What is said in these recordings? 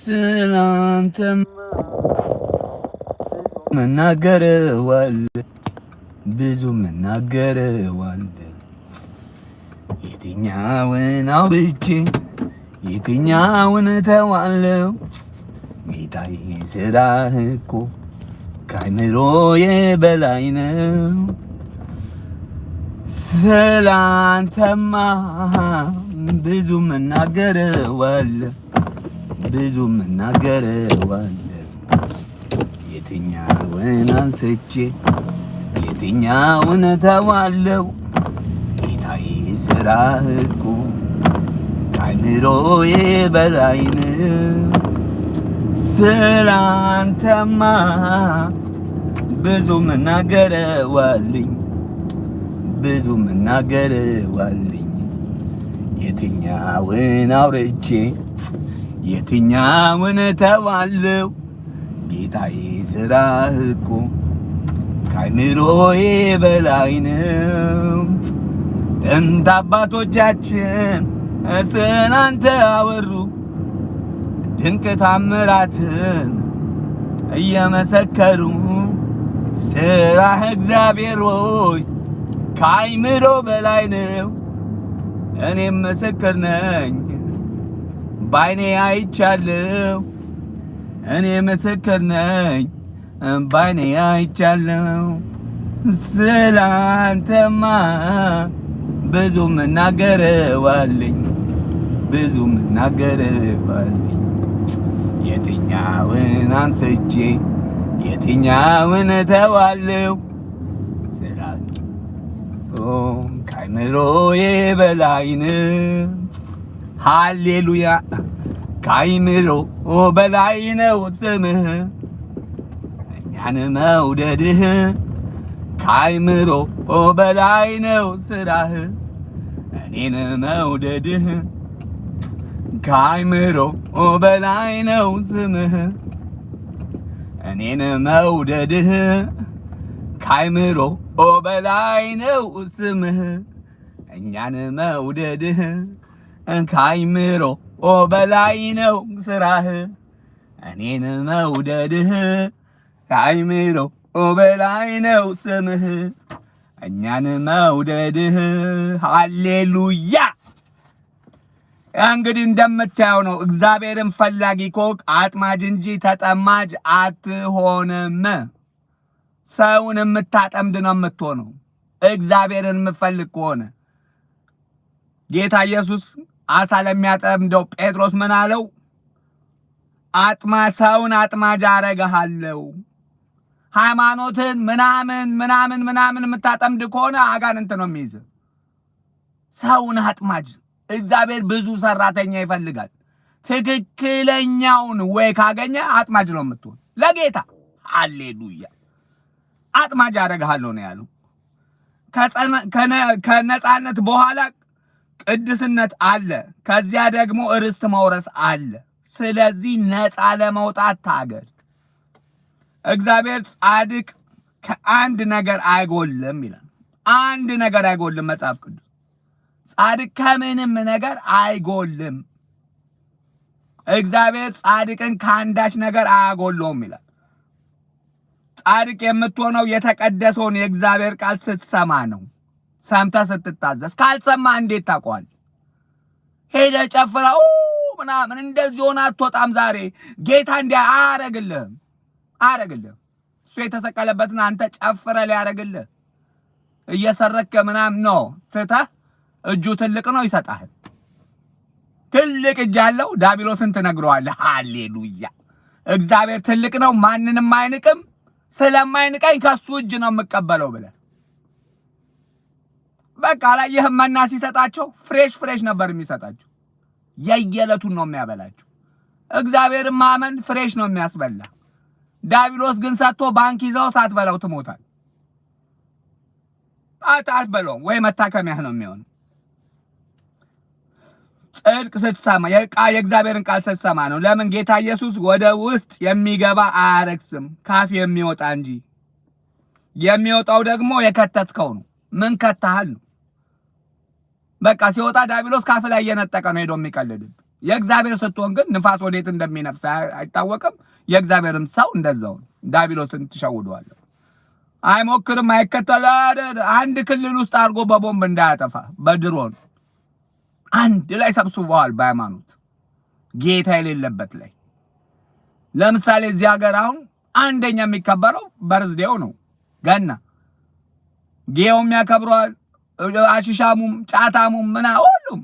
ስላንተማ መናገር ዋል ብዙ መናገር ዋል የትኛውን አውርቼ የትኛውን ተዋለው ጌታዬ ስራህ እኮ ከአይምሮዬ በላይ ነው። ስላንተማ ብዙ መናገር ዋል ብዙ ምናገረዋለ የትኛውን አንስቼ የትኛውን ተዋለው ጌታዬ ስራ እኮ አይምሮዬ በላይ ስላንተማ ብዙ ምናገረዋልኝ ብዙ ምናገረዋልኝ የትኛውን አውርቼ የትኛውን ተባለው ጌታዬ ስራ እኮ ከአእምሮዬ በላይ ነው። ጥንት አባቶቻችን ስላንተ አወሩ ድንቅ ታምራትን እየመሰከሩ ስራህ እግዚአብሔር ሆይ ከአእምሮ በላይ ነው። እኔም ምስክር ነኝ። ባይኔ አይቻለው እኔ ምስክር ነኝ ባይኔ አይቻለው ስላንተማ ብዙ ምናገረዋለኝ ብዙ ምናገረዋለኝ የትኛውን አንስቼ የትኛውን እተዋለሁ ስራ ከአይምሮዬ በላይ ነው። ሃሌሉያ ካይምሮ በላይ ነው ስምህ እኛን መውደድህ ካይምሮ በላይ ነው ስራህ እኔን መውደድህ ካይምሮ በላይ ነው ስምህ እኔን መውደድህ ካይምሮ በላይ ነው ስምህ እኛን መውደድህ ከአይምሮ በላይ ነው ስራህ እኔን መውደድህ ከአይምሮ በላይ ነው ስምህ እኛን መውደድህ ሃሌሉያ። እንግዲህ እንደምታየው ነው። እግዚአብሔርን ፈላጊ ኮክ አጥማጅ እንጂ ተጠማጅ አትሆንም። ሰውን የምታጠምድ ነው የምትሆነው። እግዚአብሔርን የምፈልግ ከሆነ ጌታ ኢየሱስ አሳ ለሚያጠምደው ጴጥሮስ ምን አለው? አጥማ ሰውን አጥማጅ አረግሃለሁ። ሃይማኖትን ምናምን ምናምን ምናምን የምታጠምድ ከሆነ አጋንንት ነው የሚይዝ። ሰውን አጥማጅ እግዚአብሔር ብዙ ሰራተኛ ይፈልጋል። ትክክለኛውን ወይ ካገኘ አጥማጅ ነው የምትሆን ለጌታ አሌሉያ። አጥማጅ አረግሃለሁ ነው ያሉ ከነጻነት በኋላ ቅድስነት አለ። ከዚያ ደግሞ ርስት መውረስ አለ። ስለዚህ ነፃ ለመውጣት ታገል። እግዚአብሔር ጻድቅ ከአንድ ነገር አይጎልም ይላል። አንድ ነገር አይጎልም። መጽሐፍ ቅዱስ ጻድቅ ከምንም ነገር አይጎልም። እግዚአብሔር ጻድቅን ከአንዳች ነገር አያጎለውም ይላል። ጻድቅ የምትሆነው የተቀደሰውን የእግዚአብሔር ቃል ስትሰማ ነው። ሰምተህ ስትታዘዝ ካልሰማህ እንዴት ታውቀዋል? ሄደህ ጨፍረህ ምናምን እንደዚህ ሆነህ አትወጣም። ዛሬ ጌታ እንዲ አያረግልህም አያረግልህም። እሱ የተሰቀለበትን አንተ ጨፍረ ሊያረግልህ እየሰረክ ምናምን ነው ትተህ እጁ ትልቅ ነው ይሰጣል። ትልቅ እጅ አለው። ዳቢሎስን ትነግረዋለህ። ሃሌሉያ! እግዚአብሔር ትልቅ ነው፣ ማንንም አይንቅም። ስለማይንቀኝ ከሱ እጅ ነው የምቀበለው ብለህ በቃ ላይ ይህ መና ሲሰጣቸው ፍሬሽ ፍሬሽ ነበር የሚሰጣቸው። የየለቱን ነው የሚያበላቸው። እግዚአብሔር ማመን ፍሬሽ ነው የሚያስበላ። ዳቢሎስ ግን ሰጥቶ ባንክ ይዘው ሳትበላው ትሞታል። አትበላውም ወይ መታከሚያህ ነው የሚሆነው። ጽድቅ ስትሰማ የእግዚአብሔርን ቃል ስትሰማ ነው። ለምን ጌታ ኢየሱስ ወደ ውስጥ የሚገባ አያረክስም ካፍ የሚወጣ እንጂ የሚወጣው ደግሞ የከተትከው ነው። ምን ከተሃል ነው በቃ ሲወጣ ዳቢሎስ ካፍ ላይ እየነጠቀ ነው ሄዶ የሚቀልድብ። የእግዚአብሔር ስትሆን ግን ንፋስ ወዴት እንደሚነፍስ አይታወቅም። የእግዚአብሔርም ሰው እንደዛው ዳቢሎስን ትሸውደዋለሁ። አይሞክርም፣ አይከተል አንድ ክልል ውስጥ አድርጎ በቦምብ እንዳያጠፋ በድሮን አንድ ላይ ሰብስበዋል። በሃይማኖት ጌታ የሌለበት ላይ ለምሳሌ እዚህ ሀገር አሁን አንደኛ የሚከበረው በርዝዴው ነው ገና ጌውም ያከብረዋል አሽሻሙም ጫታሙም ምና ሁሉም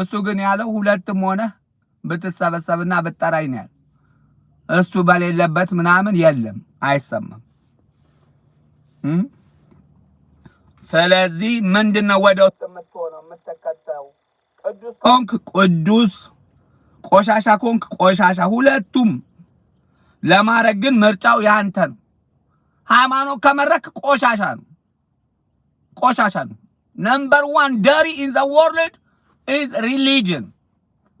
እሱ ግን ያለው ሁለትም ሆነ ብትሰበሰብና ብትጠራኝ ነው ያለው። እሱ በሌለበት ምናምን የለም አይሰማም። ስለዚህ ምንድነው ወደ ውስጥ የምትሆነው የምትከተው? ቅዱስ ኮንክ ቅዱስ፣ ቆሻሻ ኮንክ ቆሻሻ። ሁለቱም ለማድረግ ግን ምርጫው ያንተ ነው። ሃይማኖት ከመረክ ቆሻሻ ነው። ቆሻሻ ነው። ነምበር ዋን ዳሪ ኢን ዘ ወርልድ ኢዝ ሪሊጅን።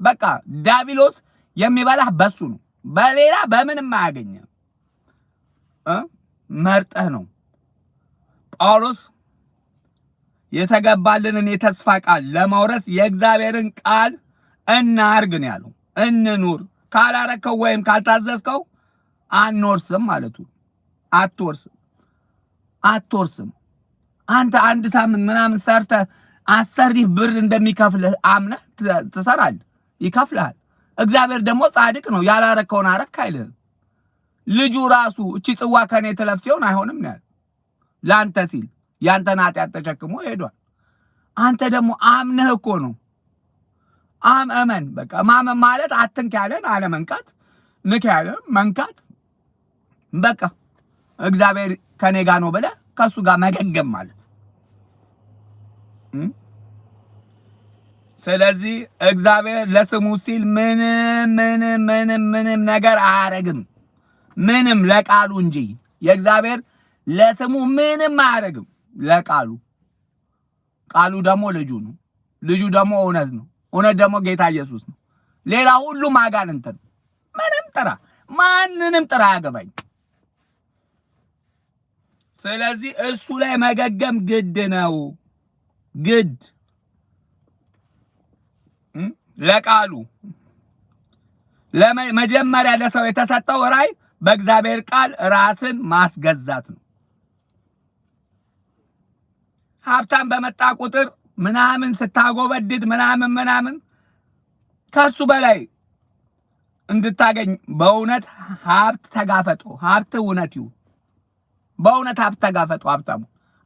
በቃ ዳቢሎስ የሚበላህ በሱ ነው፣ በሌላ በምንም አያገኘም መርጠህ ነው። ጳውሎስ የተገባልንን የተስፋ ቃል ለማውረስ የእግዚአብሔርን ቃል እናርግ ነው ያለው። እንኑር ካላረከው ወይም ካልታዘዝከው አንወርስም ማለቱ አትወርስም አትወርስም አንተ አንድ ሳምንት ምናምን ሰርተ አሰሪ ብር እንደሚከፍልህ አምነህ ትሰራለህ፣ ይከፍልሃል። እግዚአብሔር ደግሞ ጻድቅ ነው፣ ያላረከውን አረክ አይልህም። ልጁ ራሱ እቺ ጽዋ ከኔ ትለፍ ሲሆን አይሆንም ነው ያለው ለአንተ ሲል ያንተን ኃጢአት ተሸክሞ ሄዷል። አንተ ደግሞ አምነህ እኮ ነው አም አምእመን በቃ ማመን ማለት አትንክ ያለን አለ መንካት ንክ ያለ መንካት። በቃ እግዚአብሔር ከኔ ጋር ነው ብለህ ከሱ ጋር መገገም ማለት ስለዚህ እግዚአብሔር ለስሙ ሲል ምንም ምንም ምንም ምንም ነገር አያረግም። ምንም ለቃሉ እንጂ የእግዚአብሔር ለስሙ ምንም አያረግም ለቃሉ። ቃሉ ደግሞ ልጁ ነው። ልጁ ደግሞ እውነት ነው። እውነት ደግሞ ጌታ ኢየሱስ ነው። ሌላ ሁሉም አጋንንት ነው። ምንም ጥራ፣ ማንንም ጥራ አያገባኝ ስለዚህ እሱ ላይ መገገም ግድ ነው። ግድ ለቃሉ መጀመሪያ ለሰው የተሰጠው ራዕይ በእግዚአብሔር ቃል ራስን ማስገዛት ነው። ሀብታም በመጣ ቁጥር ምናምን ስታጎበድድ ምናምን ምናምን ከሱ በላይ እንድታገኝ በእውነት ሀብት ተጋፈጦ ሀብት እውነት ይሁን በእውነት ሀብት ተጋፈጡ። ሀብታሙ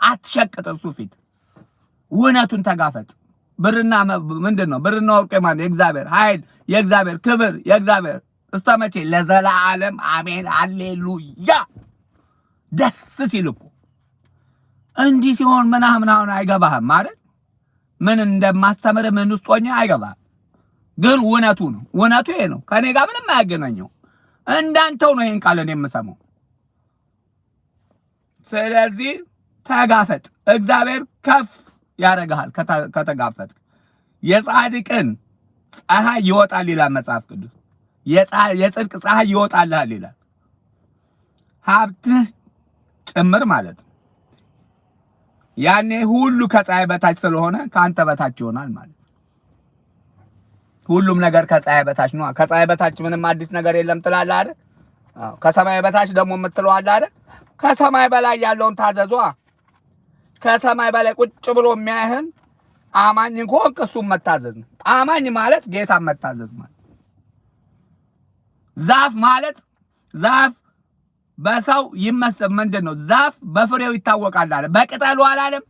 አትሸቅጥ፣ እሱ ፊት እውነቱን ተጋፈጥ። ብርና ምንድን ነው ብርና ወርቅ የማን የእግዚአብሔር ኃይል የእግዚአብሔር ክብር የእግዚአብሔር እስከ መቼ ለዘላለም አሜን፣ አሌሉያ። ደስ ሲል እኮ እንዲህ ሲሆን ምናምን አሁን አይገባህም ማለት ምን እንደማስተምር ምን ውስጥ ሆኜ አይገባህም። ግን እውነቱ ነው እውነቱ ይሄ ነው። ከኔ ጋር ምንም አያገናኘው። እንዳንተው ነው ይሄን ቃል የምሰማው። ስለዚህ ተጋፈጥ፣ እግዚአብሔር ከፍ ያደርግሃል። ከተጋፈጥ የጻድቅን ፀሐይ ይወጣል ይላል መጽሐፍ ቅዱስ። የጽድቅ ፀሐይ ይወጣልሃል ይላል። ሀብትህ ጭምር ማለት ነው። ያኔ ሁሉ ከፀሐይ በታች ስለሆነ ከአንተ በታች ይሆናል ማለት ነው። ሁሉም ነገር ከፀሐይ በታች ነው። ከፀሐይ በታች ምንም አዲስ ነገር የለም ትላለህ አይደል? ከሰማይ በታች ደግሞ የምትለዋለህ አይደል? ከሰማይ በላይ ያለውን ታዘዟ። ከሰማይ በላይ ቁጭ ብሎ የሚያይህን አማኝ እንኳን እሱን መታዘዝ ነው። አማኝ ማለት ጌታ መታዘዝ ማለት ዛፍ ማለት ዛፍ በሰው ይመስል ምንድን ነው? ዛፍ በፍሬው ይታወቃል አለ። በቅጠሉ አላለም፣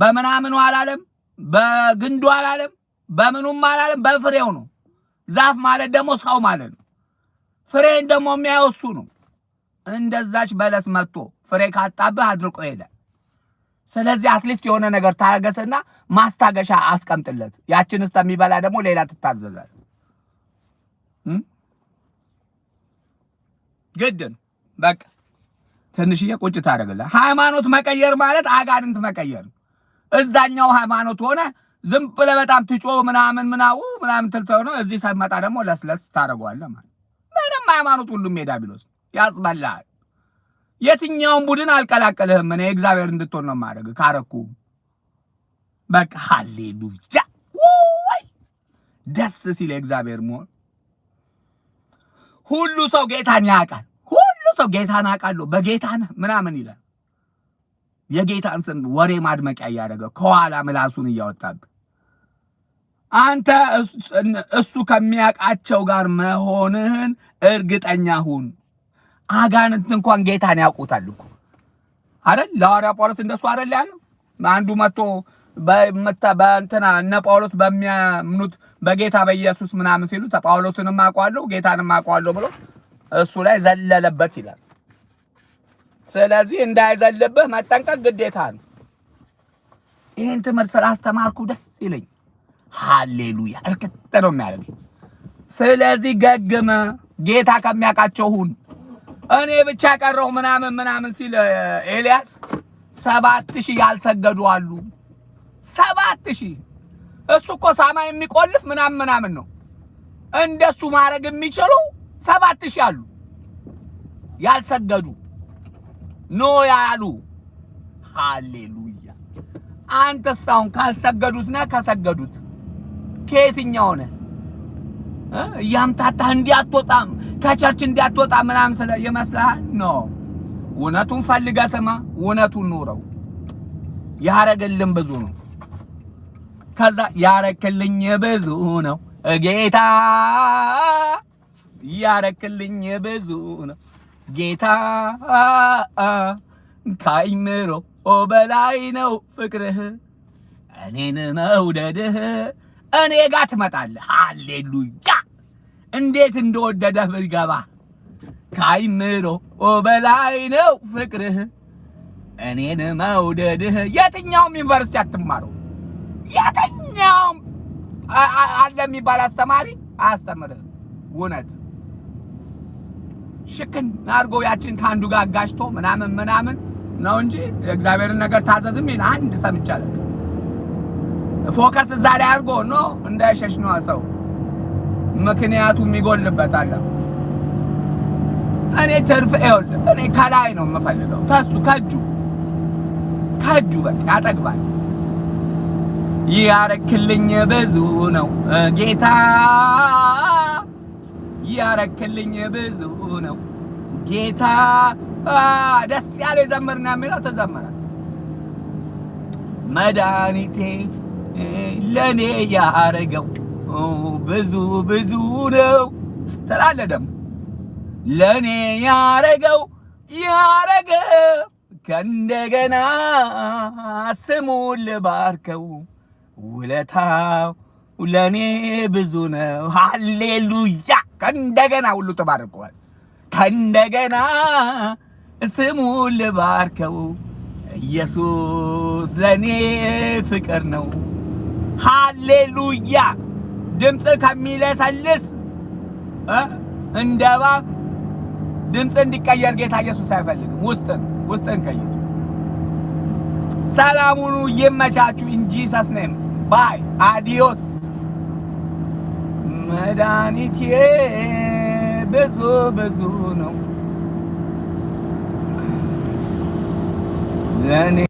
በምናምኑ አላለም፣ በግንዱ አላለም፣ በምኑም አላለም፣ በፍሬው ነው። ዛፍ ማለት ደግሞ ሰው ማለት ነው። ፍሬን ደግሞ የሚያየው እሱ ነው። እንደዛች በለስ መጥቶ ፍሬ ካጣብህ አድርቆ ሄደ። ስለዚህ አትሊስት የሆነ ነገር ታገሰና ማስታገሻ አስቀምጥለት። ያችን እስከሚበላ ደግሞ ሌላ ትታዘዛል። ግድን በቃ ትንሽዬ ቁጭ ታደርግልህ። ሃይማኖት መቀየር ማለት አጋንንት መቀየር እዛኛው ሃይማኖት ሆነ ዝም ብለ በጣም ትጮ ምናምን ምናው ምናምን ትልተው ነው። እዚህ ሰመጣ ደግሞ ለስለስ ታደርገዋለህ ማለት ምንም ሃይማኖት ሁሉም ሜዳ ቢሎስ ያጽበላል። የትኛውን ቡድን አልቀላቀልህም። እኔ እግዚአብሔር እንድትሆን ነው ማድረግ ካረኩ በቃ ሃሌሉያ ወይ ደስ ሲል እግዚአብሔር መሆን። ሁሉ ሰው ጌታን ያውቃል። ሁሉ ሰው ጌታን አውቃለሁ በጌታን ምናምን ይላል። የጌታን ስም ወሬ ማድመቂያ እያደረገ ከኋላ ምላሱን እያወጣብህ አንተ እሱ ከሚያውቃቸው ጋር መሆንህን እርግጠኛ ሁን። አጋንንት እንኳን ጌታን ያውቁታል እኮ አይደል? ለሐዋርያ ጳውሎስ እንደሱ አይደል ያለው። አንዱ መጥቶ በመታ በእንትና እነ ጳውሎስ በሚያምኑት በጌታ በኢየሱስ ምናምን ሲሉ ጳውሎስንም አውቀዋለሁ ጌታንም አውቀዋለሁ ብሎ እሱ ላይ ዘለለበት ይላል። ስለዚህ እንዳይዘልብህ መጠንቀቅ ግዴታ ነው። ይህን ትምህርት ስላስተማርኩ ደስ ይለኝ። ሃሌሉያ እርግጥ ነው የሚያደርገኝ። ስለዚህ ገግመ ጌታ ከሚያውቃቸው ሁን። እኔ ብቻ ቀረሁ ምናምን ምናምን ሲል ኤልያስ ሰባት ሺህ ያልሰገዱ አሉ። ሰባት ሺህ እሱ እኮ ሰማይ የሚቆልፍ ምናምን ምናምን ነው። እንደሱ ማድረግ የሚችሉ ሰባት ሺህ አሉ ያልሰገዱ ኖ ያሉ። ሃሌሉያ! አንተስ አሁን ካልሰገዱት ነህ ከሰገዱት ከየትኛው ነህ? እያምታታህ እንዲያትወጣም ከቸርች እንዲያትወጣ ምናምን ስለ ይመስልሃል ኖ እውነቱን ፈልጋ ስማ፣ እውነቱን ኑረው። ያረግልን ብዙ ነው። ከዛ ያረክልኝ ብዙ ነው ጌታ፣ ያረክልኝ ብዙ ነው ጌታ። ካይምሮ በላይ ነው ፍቅርህ፣ እኔን መውደድህ። እኔ ጋር ትመጣለህ። ሃሌሉያ እንዴት እንደወደደህ ብትገባ ካይምሮ በላይ ነው ፍቅርህ እኔን መውደድህ። የትኛውም ዩኒቨርሲቲ አትማሩ፣ የትኛውም አለ የሚባል አስተማሪ አያስተምርህ። እውነት ሽክን አድርጎ ያችን ከአንዱ ጋር አጋጭቶ ምናምን ምናምን ነው እንጂ የእግዚአብሔርን ነገር ታዘዝም ይል አንድ ሰምቻለሁ። ፎከስ እዛ ላይ አድርጎ ኖ እንዳይሸሽ ነው ሰው ምክንያቱም አለ። እኔ ትርፍ ይኸውልህ፣ እኔ ከላይ ነው የምፈልገው ተሱ ከእጁ ከእጁ በቃ ያጠግባል። ያረክልኝ ብዙ ነው ጌታ፣ ያረክልኝ ብዙ ነው ጌታ። ደስ ያለ ዘመርና የሚለው ተዘመረ። መድኃኒቴ ለእኔ ያረገው ብዙ ብዙ ነው ትላለ። ለእኔ ያረገው ያረገ ከእንደገና ስሙን ልባርከው ውለታው ለእኔ ብዙ ነው። ሃሌሉያ ከእንደገና ሁሉ ተባርቀዋል። ከእንደገና ስሙን ልባርከው ኢየሱስ ለእኔ ፍቅር ነው። ሃሌሉያ ድምፅ ከሚለሰልስ እንደ እባብ ድምፅ እንዲቀየር ጌታ ኢየሱስ አይፈልግም። ውስጥን ውስጥን ቀይር። ሰላሙኑ ይመቻችሁ። ኢን ጂሰስ ኔም ባይ አዲዮስ። መድኃኒቴ ብዙ ብዙ ነው ለኔ